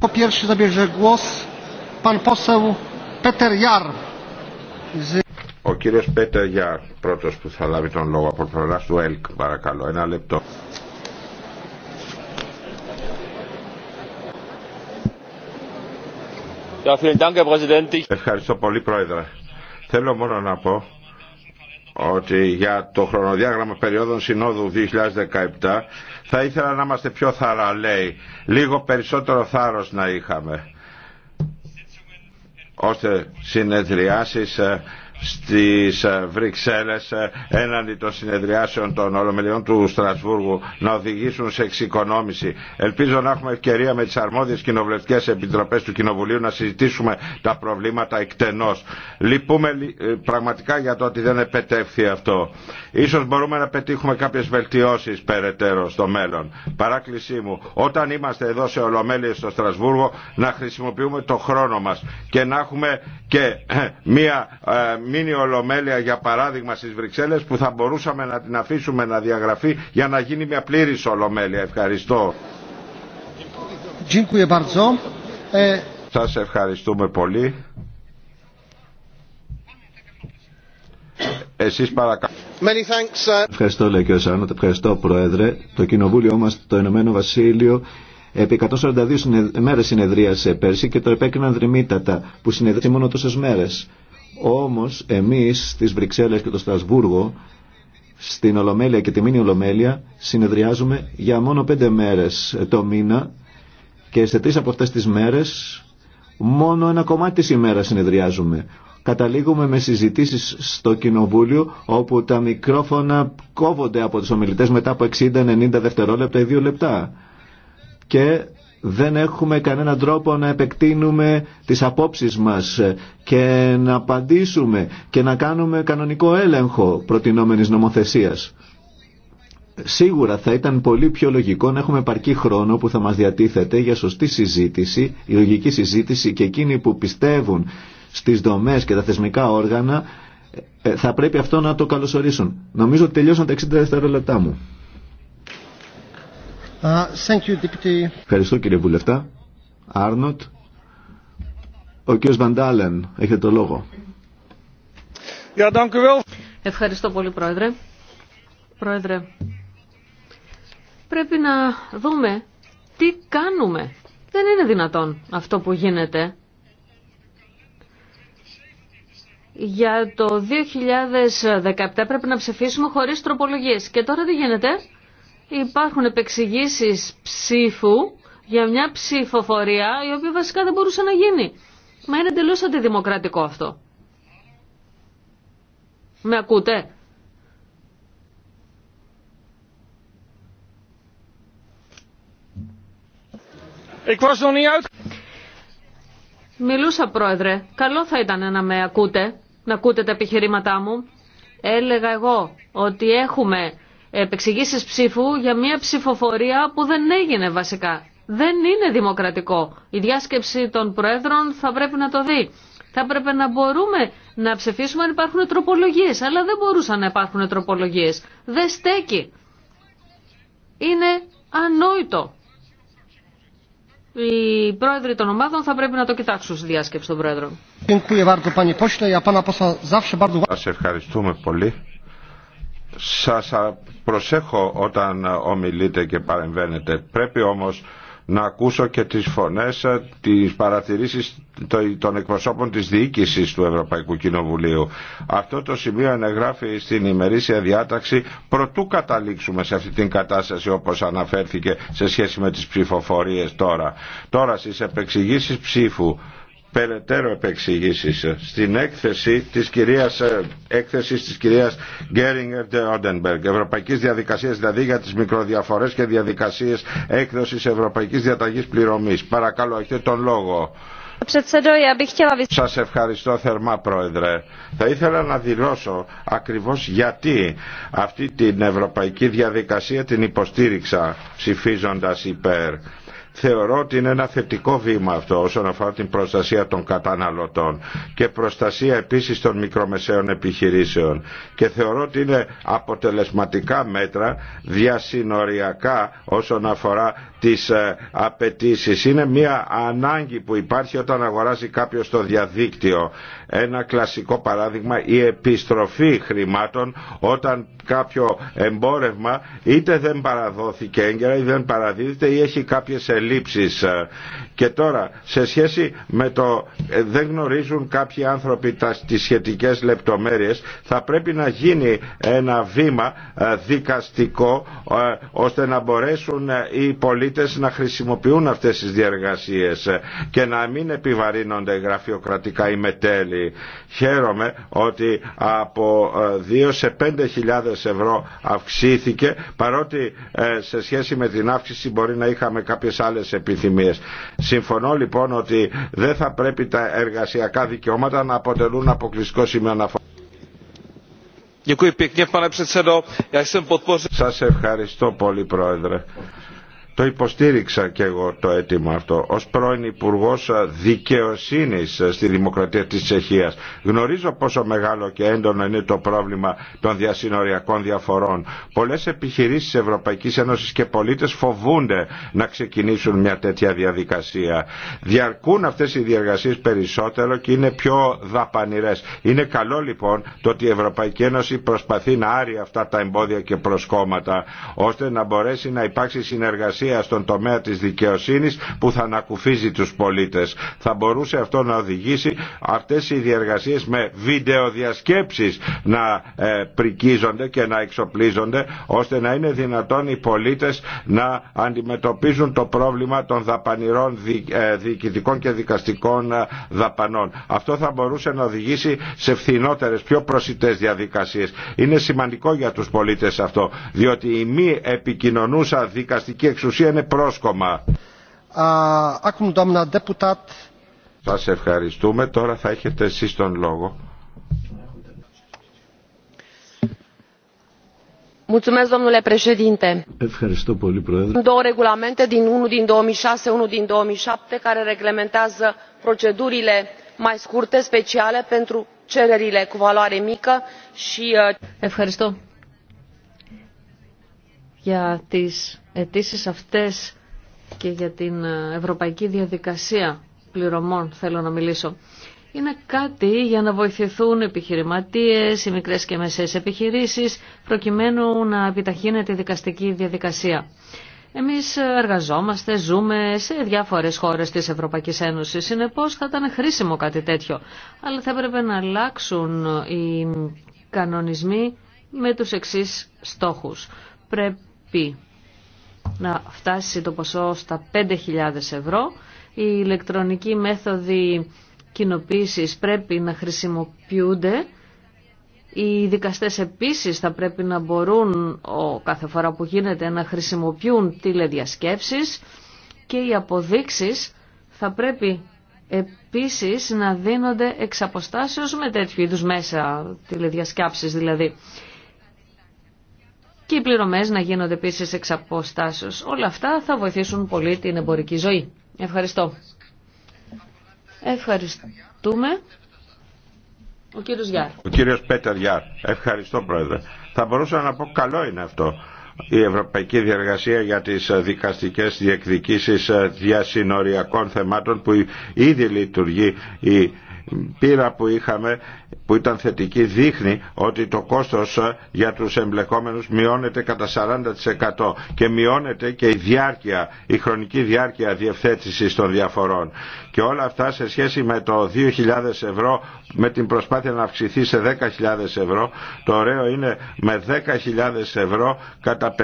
Po pierwsze zabierze głos pan poseł Peter Jar. Ο κύριο Πέτερ Γιάρ, πρώτο που θα λάβει τον λόγο από πλευρά του ΕΛΚ, παρακαλώ, ένα λεπτό. Ευχαριστώ πολύ, Πρόεδρε. Θέλω μόνο να πω ότι για το χρονοδιάγραμμα περίοδων συνόδου 2017 θα ήθελα να είμαστε πιο θαραλέοι, λίγο περισσότερο θάρρος να είχαμε, ώστε συνεδριάσεις ε, στις ε, Βρυξέλλες ε, έναντι των συνεδριάσεων των Ολομελιών του Στρασβούργου να οδηγήσουν σε εξοικονόμηση. Ελπίζω να έχουμε ευκαιρία με τις αρμόδιες κοινοβουλευτικές επιτροπές του Κοινοβουλίου να συζητήσουμε τα προβλήματα εκτενώς. Λυπούμε ε, πραγματικά για το ότι δεν επετεύχθη αυτό. Ίσως μπορούμε να πετύχουμε κάποιες βελτιώσεις περαιτέρω στο μέλλον. Παράκλησή μου, όταν είμαστε εδώ σε Ολομέλειες στο Στρασβούργο να χρησιμοποιούμε το χρόνο μας και να έχουμε και μία μείνει ολομέλεια για παράδειγμα στις Βρυξέλλες που θα μπορούσαμε να την αφήσουμε να διαγραφεί για να γίνει μια πλήρης ολομέλεια. Ευχαριστώ. Ε, Σας ευχαριστούμε πολύ. Εσείς παρακαλώ. Uh, ευχαριστώ λέει και ο Σάνοτ. ευχαριστώ Πρόεδρε. Το κοινοβούλιο μας, το Ηνωμένο Βασίλειο, επί 142 μέρες συνεδρίασε πέρσι και το επέκριναν δρυμύτατα που συνεδρίασε μόνο τόσες μέρες. Όμως εμείς στις Βρυξέλλες και το Στρασβούργο, στην Ολομέλεια και τη Μήνη Ολομέλεια, συνεδριάζουμε για μόνο πέντε μέρες το μήνα και σε τρεις από αυτές τις μέρες μόνο ένα κομμάτι της ημέρα συνεδριάζουμε. Καταλήγουμε με συζητήσεις στο Κοινοβούλιο όπου τα μικρόφωνα κόβονται από τους ομιλητές μετά από 60-90 δευτερόλεπτα ή δύο λεπτά. Και δεν έχουμε κανέναν τρόπο να επεκτείνουμε τις απόψεις μας και να απαντήσουμε και να κάνουμε κανονικό έλεγχο προτινόμενης νομοθεσίας. Σίγουρα θα ήταν πολύ πιο λογικό να έχουμε επαρκή χρόνο που θα μας διατίθεται για σωστή συζήτηση, η λογική συζήτηση και εκείνοι που πιστεύουν στις δομές και τα θεσμικά όργανα ε, θα πρέπει αυτό να το καλωσορίσουν. Νομίζω ότι τελειώσαν τα 60 δευτερόλεπτά μου. Uh, Ευχαριστώ κύριε Βουλευτά. Άρνοτ. Ο κύριος Βαντάλεν, έχετε το λόγο. Ευχαριστώ πολύ πρόεδρε. Πρόεδρε, πρέπει να δούμε τι κάνουμε. Δεν είναι δυνατόν αυτό που γίνεται. Για το 2017 πρέπει να ψηφίσουμε χωρίς τροπολογίες. Και τώρα δεν γίνεται υπάρχουν επεξηγήσεις ψήφου για μια ψηφοφορία η οποία βασικά δεν μπορούσε να γίνει. Μα είναι εντελώ αντιδημοκρατικό αυτό. Με ακούτε. Μιλούσα πρόεδρε. Καλό θα ήταν να με ακούτε, να ακούτε τα επιχειρήματά μου. Έλεγα εγώ ότι έχουμε επεξηγήσεις ψήφου για μια ψηφοφορία που δεν έγινε βασικά. Δεν είναι δημοκρατικό. Η διάσκεψη των Προέδρων θα πρέπει να το δει. Θα πρέπει να μπορούμε να ψηφίσουμε αν υπάρχουν τροπολογίες, αλλά δεν μπορούσαν να υπάρχουν τροπολογίες. Δεν στέκει. Είναι ανόητο. Οι πρόεδροι των ομάδων θα πρέπει να το κοιτάξουν στη διάσκεψη των πρόεδρων. Σας ευχαριστούμε πολύ. Σας προσέχω όταν ομιλείτε και παρεμβαίνετε. Πρέπει όμως να ακούσω και τις φωνές, ε, τις παρατηρήσεις των εκπροσώπων της διοίκησης του Ευρωπαϊκού Κοινοβουλίου. Αυτό το σημείο αναγράφει στην ημερήσια διάταξη προτού καταλήξουμε σε αυτή την κατάσταση όπως αναφέρθηκε σε σχέση με τις ψηφοφορίες τώρα. Τώρα στις επεξηγήσεις ψήφου περαιτέρω επεξηγήσει στην έκθεση της κυρίας, ε, έκθεσης της κυρίας Γκέριγκερ Όντενμπεργκ, Ευρωπαϊκής Διαδικασίας δηλαδή για τις μικροδιαφορές και διαδικασίες έκδοσης Ευρωπαϊκής Διαταγής Πληρωμής. Παρακαλώ, έχετε τον λόγο. Σας ευχαριστώ θερμά Πρόεδρε. Θα ήθελα να δηλώσω ακριβώς γιατί αυτή την ευρωπαϊκή διαδικασία την υποστήριξα ψηφίζοντας υπέρ. Θεωρώ ότι είναι ένα θετικό βήμα αυτό όσον αφορά την προστασία των καταναλωτών και προστασία επίσης των μικρομεσαίων επιχειρήσεων. Και θεωρώ ότι είναι αποτελεσματικά μέτρα διασυνοριακά όσον αφορά τις ε, Είναι μια ανάγκη που υπάρχει όταν αγοράζει κάποιο το διαδίκτυο. Ένα κλασικό παράδειγμα η επιστροφή χρημάτων όταν κάποιο εμπόρευμα είτε δεν παραδόθηκε έγκαιρα ή δεν παραδίδεται ή έχει κάποιες ελλείψεις. Ε, και τώρα σε σχέση με το ε, δεν γνωρίζουν κάποιοι άνθρωποι τις σχετικές λεπτομέρειες θα πρέπει να γίνει ένα βήμα δικαστικό ώστε να μπορέσουν οι πολίτες να χρησιμοποιούν αυτές τις διεργασίες και να μην επιβαρύνονται γραφειοκρατικά ή μετέλη. Χαίρομαι ότι από 2 ε, σε 5.000 ευρώ αυξήθηκε παρότι ε, σε σχέση με την αύξηση μπορεί να είχαμε κάποιες άλλες επιθυμίες. Συμφωνώ λοιπόν ότι δεν θα πρέπει τα εργασιακά δικαιώματα να αποτελούν αποκλειστικό σημείο αναφορά. Σας ευχαριστώ πολύ πρόεδρε. Το υποστήριξα και εγώ το αίτημα αυτό ως πρώην υπουργό Δικαιοσύνης στη Δημοκρατία της Τσεχίας. Γνωρίζω πόσο μεγάλο και έντονο είναι το πρόβλημα των διασυνοριακών διαφορών. Πολλές επιχειρήσεις Ευρωπαϊκής Ένωσης και πολίτες φοβούνται να ξεκινήσουν μια τέτοια διαδικασία. Διαρκούν αυτές οι διεργασίες περισσότερο και είναι πιο δαπανηρές. Είναι καλό λοιπόν το ότι η Ευρωπαϊκή Ένωση προσπαθεί να άρει αυτά τα εμπόδια και προσκόμματα ώστε να μπορέσει να υπάρξει συνεργασία στον τομέα της δικαιοσύνης που θα ανακουφίζει τους πολίτες. Θα μπορούσε αυτό να οδηγήσει αυτές οι διεργασίες με βιντεοδιασκέψεις να ε, πρικίζονται και να εξοπλίζονται ώστε να είναι δυνατόν οι πολίτες να αντιμετωπίζουν το πρόβλημα των δαπανηρών ε, διοικητικών και δικαστικών ε, δαπανών. Αυτό θα μπορούσε να οδηγήσει σε φθηνότερες, πιο προσιτές διαδικασίες. Είναι σημαντικό για τους πολίτες αυτό, διότι η μη επικοινωνούσα δικαστική εξουσία ουσία είναι πρόσκομα. Σα ευχαριστούμε. Τώρα θα έχετε εσεί τον λόγο. Ευχαριστώ πολύ, Πρόεδρε. Două regulamente din unul din 2006, unul din 2007 care reglementează procedurile mai scurte speciale pentru cererile cu valoare mică și Ευχαριστώ για τις αιτήσει αυτές και για την ε, ευρωπαϊκή διαδικασία πληρωμών θέλω να μιλήσω. Είναι κάτι για να βοηθηθούν επιχειρηματίες, οι μικρές και μεσαίες επιχειρήσεις, προκειμένου να επιταχύνεται η δικαστική διαδικασία. Εμείς εργαζόμαστε, ζούμε σε διάφορες χώρες της Ευρωπαϊκής Ένωσης, συνεπώς θα ήταν χρήσιμο κάτι τέτοιο. Αλλά θα έπρεπε να αλλάξουν οι κανονισμοί με τους εξής στόχους. Πρέπει να φτάσει το ποσό στα 5.000 ευρώ. Οι ηλεκτρονικοί μέθοδοι κοινοποίησης πρέπει να χρησιμοποιούνται. Οι δικαστές επίσης θα πρέπει να μπορούν ο, κάθε φορά που γίνεται να χρησιμοποιούν τηλεδιασκέψεις και οι αποδείξεις θα πρέπει επίσης να δίνονται εξ αποστάσεως με τέτοιου είδους μέσα, τηλεδιασκέψεις δηλαδή και οι πληρωμές να γίνονται επίση εξ αποστάσεω. Όλα αυτά θα βοηθήσουν πολύ την εμπορική ζωή. Ευχαριστώ. Ευχαριστούμε. Ο κύριος Γιάρ. Ο κύριος Πέτερ Γιάρ. Ευχαριστώ πρόεδρε. Θα μπορούσα να πω καλό είναι αυτό η Ευρωπαϊκή Διεργασία για τις δικαστικές διεκδικήσεις διασυνοριακών θεμάτων που ήδη λειτουργεί η πείρα που είχαμε που ήταν θετική δείχνει ότι το κόστος ε, για τους εμπλεκόμενους μειώνεται κατά 40% και μειώνεται και η διάρκεια, η χρονική διάρκεια διευθέτησης των διαφορών. Και όλα αυτά σε σχέση με το 2.000 ευρώ, με την προσπάθεια να αυξηθεί σε 10.000 ευρώ, το ωραίο είναι με 10.000 ευρώ κατά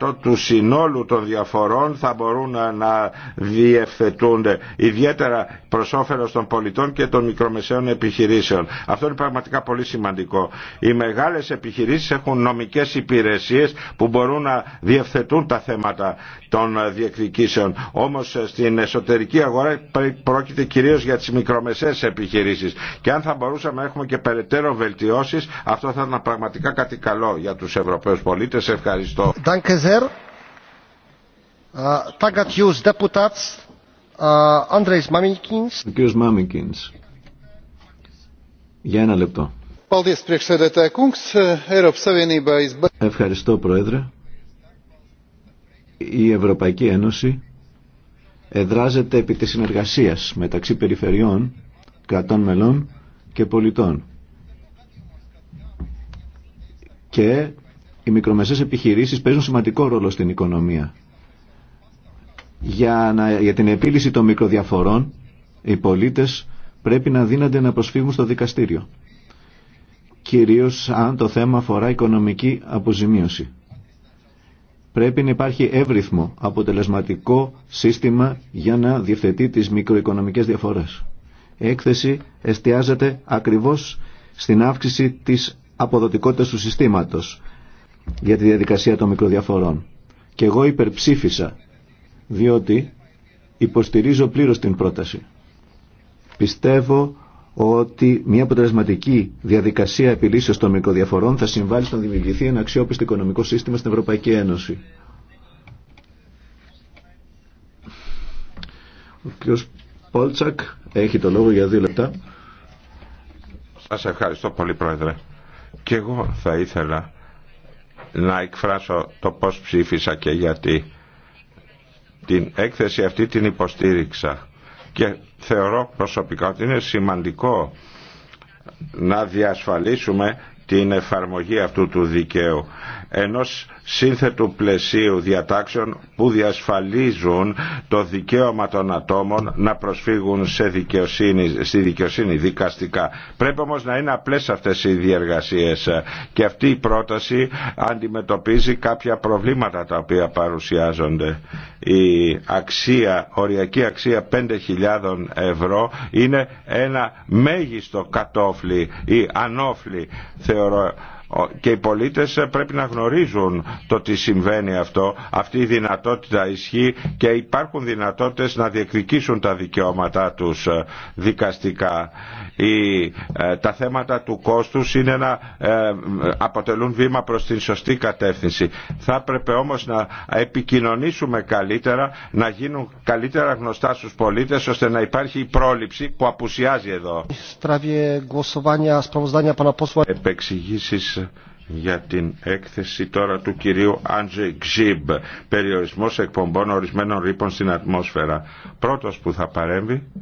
50% του συνόλου των διαφορών θα μπορούν ε, να διευθετούνται. Ιδιαίτερα προς όφελος των πολιτών και των μικρομεσαίων επιχειρήσεων. Αυτό είναι πραγματικά πολύ σημαντικό. Οι μεγάλες επιχειρήσεις έχουν νομικές υπηρεσίες που μπορούν να διευθετούν τα θέματα των διεκδικήσεων. Όμως στην εσωτερική αγορά πρόκειται κυρίως για τις μικρομεσαίες επιχειρήσεις. Και αν θα μπορούσαμε να έχουμε και περαιτέρω βελτιώσεις, αυτό θα ήταν πραγματικά κάτι καλό για τους Ευρωπαίους πολίτες. Ευχαριστώ. Danke sehr. deputats ε, Ο Μάμικινς. Για ένα λεπτό. Ευχαριστώ Πρόεδρε. Η Ευρωπαϊκή Ένωση εδράζεται επί της συνεργασίας μεταξύ περιφερειών, κρατών μελών και πολιτών. Και οι μικρομεσαίες επιχειρήσεις παίζουν σημαντικό ρόλο στην οικονομία. Για, να, για την επίλυση των μικροδιαφορών, οι πολίτες πρέπει να δίνονται να προσφύγουν στο δικαστήριο. Κυρίως αν το θέμα αφορά οικονομική αποζημίωση. Πρέπει να υπάρχει εύρυθμο, αποτελεσματικό σύστημα για να διευθετεί τις μικροοικονομικές διαφορές. Η έκθεση εστιάζεται ακριβώς στην αύξηση της αποδοτικότητας του συστήματος για τη διαδικασία των μικροδιαφορών. Και εγώ υπερψήφισα διότι υποστηρίζω πλήρως την πρόταση. Πιστεύω ότι μια αποτελεσματική διαδικασία επιλύσεως των μικροδιαφορών θα συμβάλλει στο να δημιουργηθεί ένα αξιόπιστο οικονομικό σύστημα στην Ευρωπαϊκή Ένωση. Ο κ. Πόλτσακ έχει το λόγο για δύο λεπτά. Σας ευχαριστώ πολύ Πρόεδρε. Και εγώ θα ήθελα να εκφράσω το πώς ψήφισα και γιατί την έκθεση αυτή την υποστήριξα και θεωρώ προσωπικά ότι είναι σημαντικό να διασφαλίσουμε την εφαρμογή αυτού του δικαίου ενός σύνθετου πλαισίου διατάξεων που διασφαλίζουν το δικαίωμα των ατόμων να προσφύγουν σε δικαιοσύνη, στη δικαιοσύνη δικαστικά. Πρέπει όμως να είναι απλές αυτές οι διεργασίες και αυτή η πρόταση αντιμετωπίζει κάποια προβλήματα τα οποία παρουσιάζονται. Η αξία, οριακή αξία 5.000 ευρώ είναι ένα μέγιστο κατόφλι ή ανόφλι θεωρώ και οι πολίτες ε, πρέπει να γνωρίζουν το τι συμβαίνει αυτό, αυτή η δυνατότητα ισχύει και υπάρχουν δυνατότητες να διεκδικήσουν τα δικαιώματά τους ε, δικαστικά. Οι ε, τα θέματα του κόστους είναι να αποτελούν βήμα προς την σωστή κατεύθυνση. Θα έπρεπε όμως να επικοινωνήσουμε καλύτερα, να γίνουν καλύτερα γνωστά στους πολίτες, ώστε να υπάρχει η πρόληψη που απουσιάζει εδώ για την έκθεση τώρα του κυρίου Άντζε Γκζίμπ περιορισμός εκπομπών ορισμένων ρήπων στην ατμόσφαιρα πρώτος που θα παρέμβει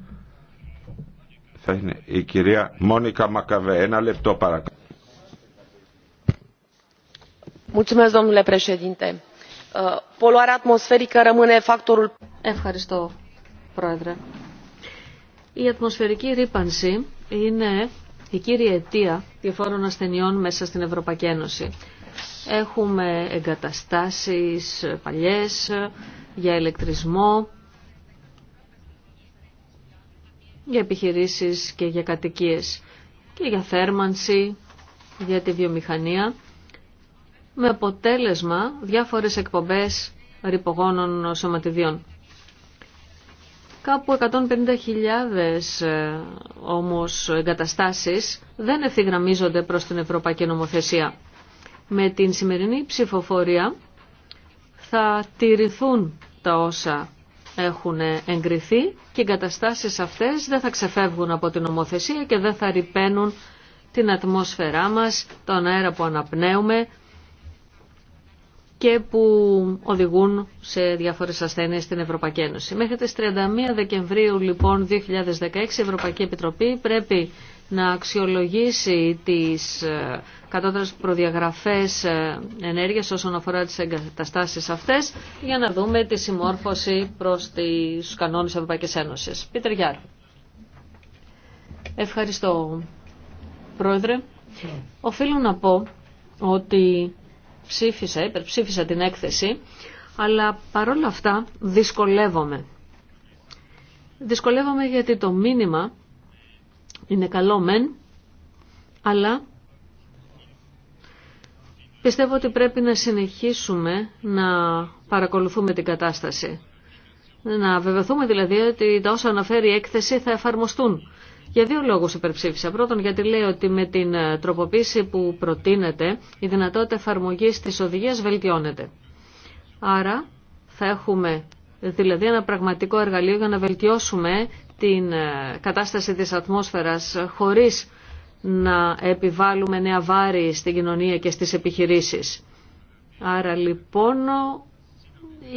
θα είναι η κυρία Μόνικα Μακαβέ ένα λεπτό παρακαλώ uh, Ευχαριστώ πρόεδρε η ατμοσφαιρική ρήπανση είναι η κύρια αιτία διαφόρων ασθενειών μέσα στην Ευρωπαϊκή Ένωση. Έχουμε εγκαταστάσεις παλιές για ηλεκτρισμό, για επιχειρήσεις και για κατοικίες και για θέρμανση, για τη βιομηχανία, με αποτέλεσμα διάφορες εκπομπές ρηπογόνων σωματιδίων. Κάπου 150.000 ε, όμως εγκαταστάσεις δεν ευθυγραμμίζονται προς την Ευρωπαϊκή Νομοθεσία. Με την σημερινή ψηφοφορία θα τηρηθούν τα όσα έχουν εγκριθεί και οι εγκαταστάσεις αυτές δεν θα ξεφεύγουν από την νομοθεσία και δεν θα ρηπαίνουν την ατμόσφαιρά μας, τον αέρα που αναπνέουμε, και που οδηγούν σε διάφορες ασθένειες στην Ευρωπαϊκή Ένωση. Μέχρι τις 31 Δεκεμβρίου λοιπόν 2016 η Ευρωπαϊκή Επιτροπή πρέπει να αξιολογήσει τις ε, κατώτερες προδιαγραφές ε, ενέργειας όσον αφορά τις εγκαταστάσεις αυτές για να δούμε τη συμμόρφωση προς τις κανόνες της Ευρωπαϊκής Ένωσης. Πίτερ Γιάρ. Ευχαριστώ, Πρόεδρε. Οφείλω να πω ότι ψήφισα, υπερψήφισα την έκθεση, αλλά παρόλα αυτά δυσκολεύομαι. Δυσκολεύομαι γιατί το μήνυμα είναι καλό μεν, αλλά πιστεύω ότι πρέπει να συνεχίσουμε να παρακολουθούμε την κατάσταση. Να βεβαιωθούμε δηλαδή ότι τα όσα αναφέρει η έκθεση θα εφαρμοστούν. Για δύο λόγους υπερψήφισα. Πρώτον, γιατί λέει ότι με την ε, τροποποίηση που προτείνεται, η δυνατότητα εφαρμογή της οδηγίας βελτιώνεται. Άρα, θα έχουμε δηλαδή ένα πραγματικό εργαλείο για να βελτιώσουμε την ε, κατάσταση της ατμόσφαιρας ε, χωρίς να επιβάλλουμε νέα βάρη στην κοινωνία και στις επιχειρήσεις. Άρα λοιπόν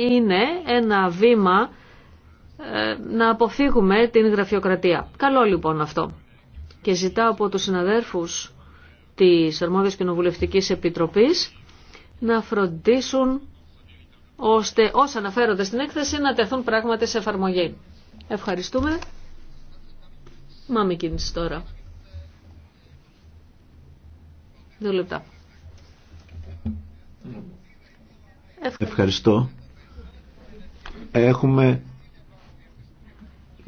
είναι ένα βήμα ε, να αποφύγουμε την γραφειοκρατία. Καλό λοιπόν αυτό. Και ζητάω από τους συναδέρφους της Αρμόδιας Κοινοβουλευτικής Επιτροπής να φροντίσουν ώστε όσα αναφέρονται στην έκθεση να τεθούν πράγματι σε εφαρμογή. Ευχαριστούμε. Μάμη κίνηση τώρα. Δύο λεπτά. Ευχαριστώ. Έχουμε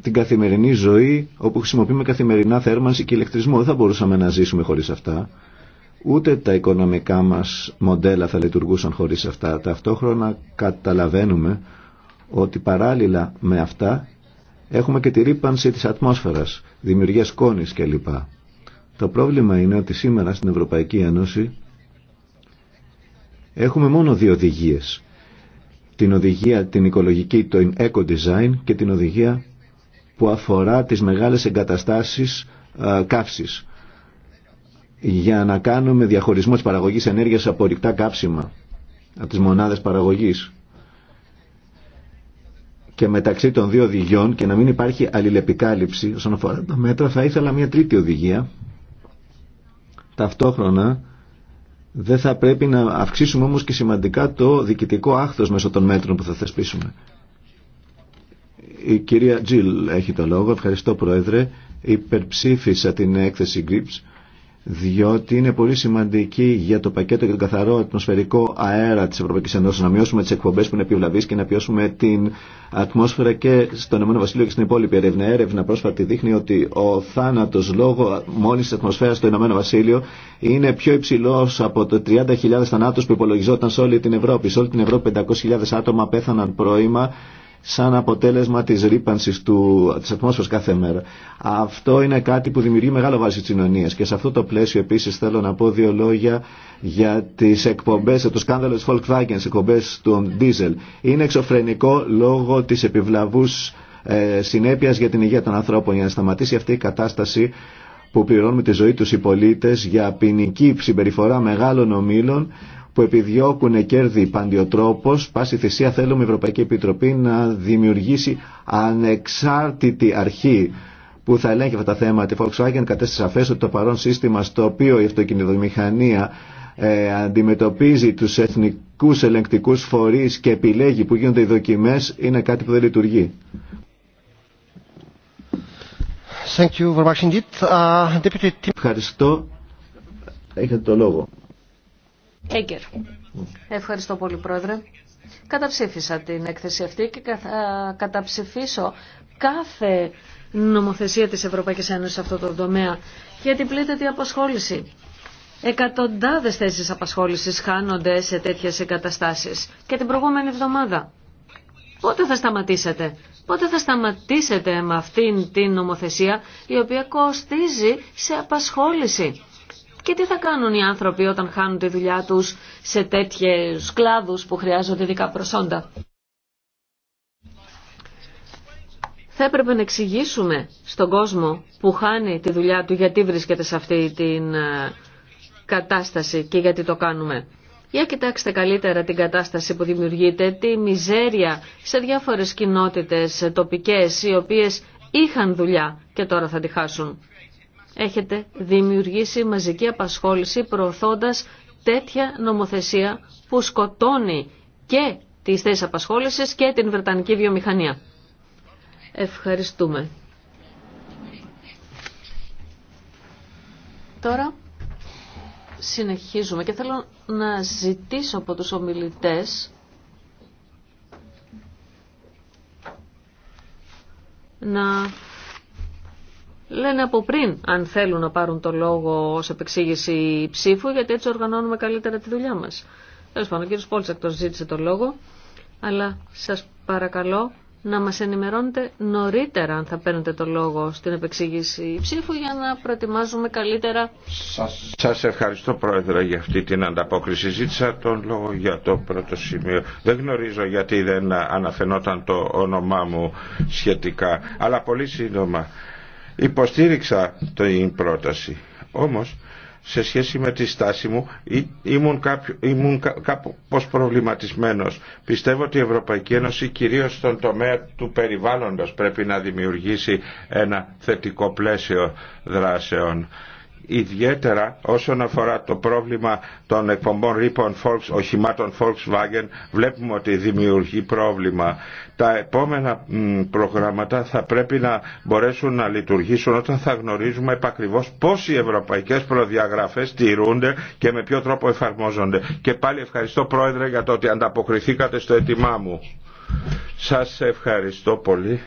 την καθημερινή ζωή όπου χρησιμοποιούμε καθημερινά θέρμανση και ηλεκτρισμό. Δεν θα μπορούσαμε να ζήσουμε χωρίς αυτά. Ούτε τα οικονομικά μας μοντέλα θα λειτουργούσαν χωρίς αυτά. Ταυτόχρονα καταλαβαίνουμε ότι παράλληλα με αυτά έχουμε και τη ρήπανση της ατμόσφαιρας, δημιουργία σκόνης κλπ. Το πρόβλημα είναι ότι σήμερα στην Ευρωπαϊκή Ένωση έχουμε μόνο δύο οδηγίες. Την οδηγία την οικολογική, το eco-design και την οδηγία που αφορά τις μεγάλες εγκαταστάσεις ε, καύσης για να κάνουμε διαχωρισμό της παραγωγής ενέργειας από ρηκτά κάψιμα από τις μονάδες παραγωγής και μεταξύ των δύο οδηγιών και να μην υπάρχει αλληλεπικάλυψη όσον αφορά τα μέτρα θα ήθελα μια τρίτη οδηγία ταυτόχρονα δεν θα πρέπει να αυξήσουμε όμως και σημαντικά το διοικητικό άχθος μέσω των μέτρων που θα θεσπίσουμε. Η κυρία Τζιλ έχει το λόγο. Ευχαριστώ Πρόεδρε. Υπερψήφισα την έκθεση GRIPS διότι είναι πολύ σημαντική για το πακέτο και τον καθαρό ατμοσφαιρικό αέρα της Ευρωπαϊκής Ενώσης να μειώσουμε τις εκπομπές που είναι επιβλαβείς και να πιώσουμε την ατμόσφαιρα και στον Ηνωμένο Βασίλειο και στην υπόλοιπη έρευνα. Έρευνα πρόσφατη δείχνει ότι ο θάνατος λόγω μόλις της ατμοσφαίρας στο Ηνωμένο Βασίλειο είναι πιο υψηλός από το 30.000 θανάτους που υπολογιζόταν σε όλη την Ευρώπη. Σε όλη την Ευρώπη 500.000 άτομα πέθαναν πρώιμα σαν αποτέλεσμα της ρήπανσης του, της ατμόσφαιρας κάθε μέρα. Αυτό είναι κάτι που δημιουργεί μεγάλο βάση της κοινωνίας και σε αυτό το πλαίσιο επίσης θέλω να πω δύο λόγια για τις εκπομπές, το σκάνδαλο της Volkswagen, τις εκπομπές του Diesel. Είναι εξωφρενικό λόγω της επιβλαβούς ε, συνέπειας για την υγεία των ανθρώπων. Για να σταματήσει αυτή η κατάσταση που πληρώνουμε τη ζωή τους οι πολίτες για ποινική συμπεριφορά μεγάλων ομήλων που επιδιώκουν κέρδη παντιοτρόπος. πάση θυσία θέλουμε η Ευρωπαϊκή Επιτροπή να δημιουργήσει ανεξάρτητη αρχή που θα ελέγχει αυτά τα θέματα. Η Volkswagen κατέστησε σαφές ότι το παρόν σύστημα στο οποίο η αυτοκινητομηχανία ε, αντιμετωπίζει τους εθνικούς ελεγκτικούς φορείς και επιλέγει που γίνονται οι δοκιμές είναι κάτι που δεν λειτουργεί. Uh, Ευχαριστώ. Έχετε το λόγο. Έγκερ. Ευχαριστώ πολύ, Πρόεδρε. Καταψήφισα την έκθεση αυτή και θα καταψηφίσω κάθε νομοθεσία της Ευρωπαϊκής Ένωσης σε αυτό το τομέα, για την η απασχόληση. Εκατοντάδες θέσεις απασχόλησης χάνονται σε τέτοιες εγκαταστάσεις. Και την προηγούμενη εβδομάδα. Πότε θα σταματήσετε. Πότε θα σταματήσετε με αυτήν την νομοθεσία η οποία κοστίζει σε απασχόληση. Και τι θα κάνουν οι άνθρωποι όταν χάνουν τη δουλειά τους σε τέτοιες κλάδους που χρειάζονται ειδικά προσόντα. Θα έπρεπε να εξηγήσουμε στον κόσμο που χάνει τη δουλειά του γιατί βρίσκεται σε αυτή την ε, κατάσταση και γιατί το κάνουμε. Για κοιτάξτε καλύτερα την κατάσταση που δημιουργείται, τη μιζέρια σε διάφορες κοινότητες τοπικές οι οποίες είχαν δουλειά και τώρα θα τη χάσουν έχετε δημιουργήσει μαζική απασχόληση προωθώντας τέτοια νομοθεσία που σκοτώνει και τις θέσεις απασχόλησης και την Βρετανική βιομηχανία. Ευχαριστούμε. Τώρα συνεχίζουμε και θέλω να ζητήσω από τους ομιλητές να λένε από πριν αν θέλουν να πάρουν το λόγο ω επεξήγηση ψήφου, γιατί έτσι οργανώνουμε καλύτερα τη δουλειά μα. Τέλο πάντων, ο κύριο Πόλτσακ το ζήτησε το λόγο, αλλά σα παρακαλώ να μα ενημερώνετε νωρίτερα αν θα παίρνετε το λόγο στην επεξήγηση ψήφου για να προετοιμάζουμε καλύτερα. Σα ευχαριστώ Πρόεδρε για αυτή την ανταπόκριση. Ζήτησα τον λόγο για το πρώτο σημείο. Δεν γνωρίζω γιατί δεν αναφαινόταν το όνομά μου σχετικά, αλλά πολύ σύντομα. Υποστήριξα την πρόταση. Όμως, σε σχέση με τη στάση μου ήμουν, κάποιο, ήμουν κάπως προβληματισμένος. Πιστεύω ότι η Ευρωπαϊκή Ένωση κυρίως στον τομέα του περιβάλλοντος πρέπει να δημιουργήσει ένα θετικό πλαίσιο δράσεων ιδιαίτερα όσον αφορά το πρόβλημα των εκπομπών ρήπων Volks, οχημάτων Volkswagen βλέπουμε ότι δημιουργεί πρόβλημα. Τα επόμενα προγράμματα θα πρέπει να μπορέσουν να λειτουργήσουν όταν θα γνωρίζουμε επακριβώς πώς οι ευρωπαϊκές προδιαγραφές τηρούνται και με ποιο τρόπο εφαρμόζονται. Και πάλι ευχαριστώ Πρόεδρε για το ότι ανταποκριθήκατε στο αίτημά μου. Σας ευχαριστώ πολύ.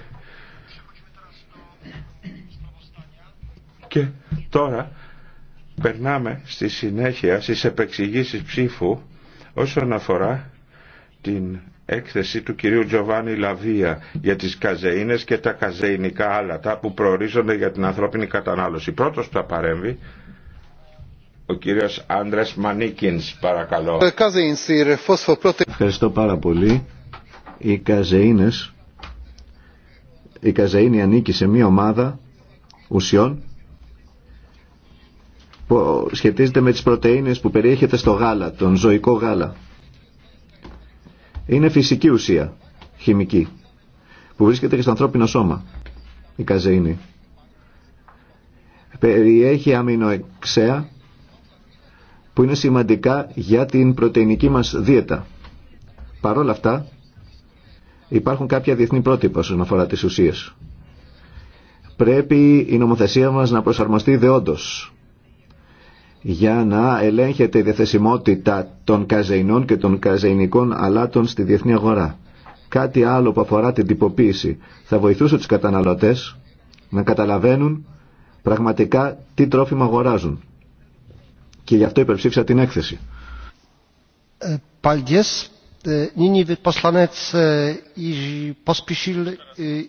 Και τώρα Περνάμε στη συνέχεια στις επεξηγήσεις ψήφου όσον αφορά την έκθεση του κυρίου Τζοβάνι Λαβία για τις καζεΐνες και τα καζεϊνικά άλατα που προορίζονται για την ανθρώπινη κατανάλωση. Πρώτος που θα παρέμβει ο κύριος Άντρες Μανίκινς, παρακαλώ. Ευχαριστώ πάρα πολύ. Οι καζεΐνες, η καζεΐνη ανήκει σε μία ομάδα ουσιών που σχετίζεται με τις πρωτεΐνες που περιέχεται στο γάλα, τον ζωικό γάλα. Είναι φυσική ουσία, χημική, που βρίσκεται και στο ανθρώπινο σώμα, η καζεΐνη. Περιέχει αμινοεξέα που είναι σημαντικά για την πρωτεϊνική μας δίαιτα. Παρ' όλα αυτά, υπάρχουν κάποια διεθνή πρότυπα όσον αφορά τις ουσίες. Πρέπει η νομοθεσία μας να προσαρμοστεί δεόντως για να ελέγχεται η διαθεσιμότητα των καζεϊνών και των καζεϊνικών αλάτων στη διεθνή αγορά. Κάτι άλλο που αφορά την τυποποίηση θα βοηθούσε τους καταναλωτές να καταλαβαίνουν πραγματικά τι τρόφιμα αγοράζουν. Και γι' αυτό υπερψήφισα την έκθεση. Ε,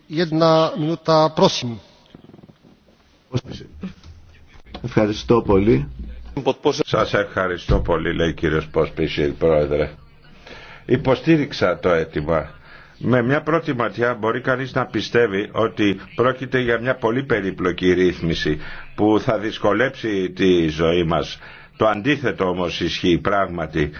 ε, ε, Ευχαριστώ πολύ. Σας ευχαριστώ πολύ λέει κύριος Ποσπίσιλ πρόεδρε. Υποστήριξα το αίτημα. Με μια πρώτη ματιά μπορεί κανείς να πιστεύει ότι πρόκειται για μια πολύ περίπλοκη ρύθμιση που θα δυσκολέψει τη ζωή μας. Το αντίθετο όμως ισχύει πράγματι.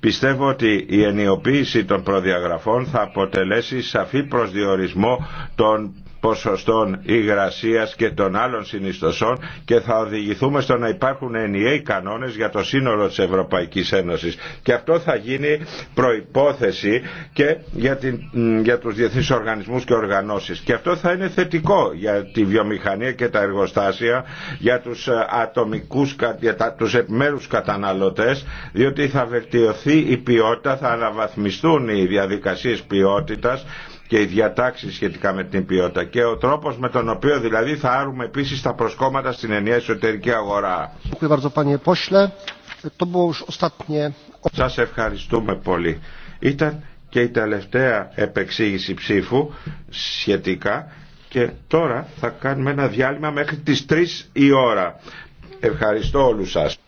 Πιστεύω ότι η ενιοποίηση των προδιαγραφών θα αποτελέσει σαφή προσδιορισμό των ποσοστών υγρασίας και των άλλων συνιστοσών και θα οδηγηθούμε στο να υπάρχουν ενιαίοι κανόνες για το σύνολο της Ευρωπαϊκής Ένωσης. Και αυτό θα γίνει προϋπόθεση και για, την, για τους διεθνείς οργανισμούς και οργανώσεις. Και αυτό θα είναι θετικό για τη βιομηχανία και τα εργοστάσια, για τους ε, ατομικούς, για τους επιμέρους καταναλωτές, διότι θα βελτιωθεί η ποιότητα, θα αναβαθμιστούν οι διαδικασίες ποιότητας και οι διατάξεις σχετικά με την ποιότητα και ο τρόπος με τον οποίο δηλαδή θα άρουμε επίσης τα προσκόμματα στην ενιαία εσωτερική αγορά. Σας ευχαριστούμε πολύ. Ήταν και η τελευταία επεξήγηση ψήφου σχετικά και τώρα θα κάνουμε ένα διάλειμμα μέχρι τις 3 η ώρα. Ευχαριστώ όλους σας.